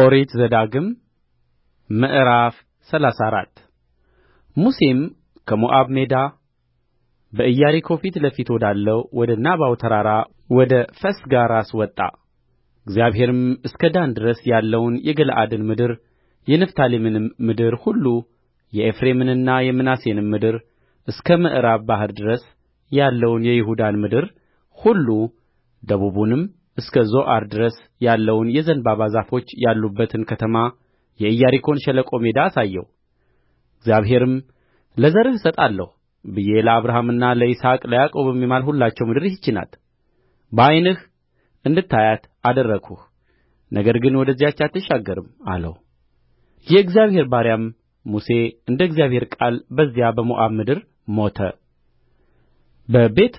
ኦሪት ዘዳግም ምዕራፍ ሰላሳ አራት ሙሴም ከሞዓብ ሜዳ በኢያሪኮ ፊት ለፊት ወዳለው ወደ ናባው ተራራ ወደ ፈስጋ ራስ ወጣ። እግዚአብሔርም እስከ ዳን ድረስ ያለውን የገለዓድን ምድር የንፍታሌምንም ምድር ሁሉ የኤፍሬምንና የምናሴንም ምድር እስከ ምዕራብ ባሕር ድረስ ያለውን የይሁዳን ምድር ሁሉ ደቡቡንም እስከ ዞዓር ድረስ ያለውን የዘንባባ ዛፎች ያሉባትን ከተማ የኢያሪኮን ሸለቆ ሜዳ አሳየው እግዚአብሔርም ለዘርህ እሰጣለሁ ብዬ ለአብርሃምና ለይስሐቅ ለያዕቆብም የማልሁላቸው ምድር ይህች ናት በዓይንህ እንድታያት አደረግሁህ ነገር ግን ወደዚያች አትሻገርም አለው የእግዚአብሔር ባሪያም ሙሴ እንደ እግዚአብሔር ቃል በዚያ በሞዓብ ምድር ሞተ በቤተ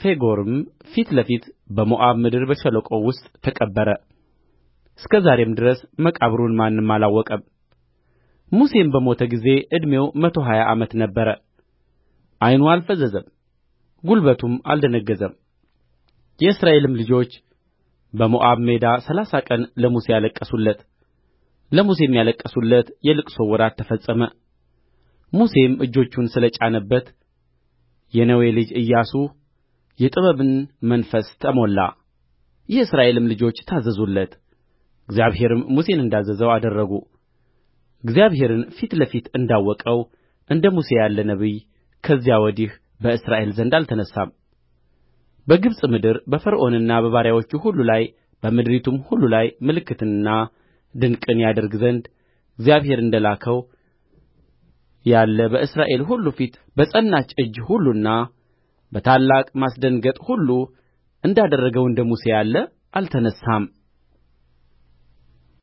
ፌጎርም ፊት ለፊት በሞዓብ ምድር በሸለቆው ውስጥ ተቀበረ እስከ ዛሬም ድረስ መቃብሩን ማንም አላወቀም ሙሴም በሞተ ጊዜ ዕድሜው መቶ ሀያ ዓመት ነበረ ዓይኑ አልፈዘዘም ጕልበቱም አልደነገዘም የእስራኤልም ልጆች በሞዓብ ሜዳ ሠላሳ ቀን ለሙሴ አለቀሱለት ለሙሴም ያለቀሱለት የልቅሶው ወራት ተፈጸመ ሙሴም እጆቹን ስለ ጫነበት የነዌ ልጅ ኢያሱ የጥበብን መንፈስ ተሞላ የእስራኤልም ልጆች ታዘዙለት እግዚአብሔርም ሙሴን እንዳዘዘው አደረጉ እግዚአብሔርን ፊት ለፊት እንዳወቀው እንደ ሙሴ ያለ ነቢይ ከዚያ ወዲህ በእስራኤል ዘንድ አልተነሣም በግብፅ ምድር በፈርዖንና በባሪያዎቹ ሁሉ ላይ በምድሪቱም ሁሉ ላይ ምልክትንና ድንቅን ያደርግ ዘንድ እግዚአብሔር እንደ ላከው ያለ በእስራኤል ሁሉ ፊት በጸናች እጅ ሁሉና በታላቅ ማስደንገጥ ሁሉ እንዳደረገው እንደ ሙሴ ያለ አልተነሣም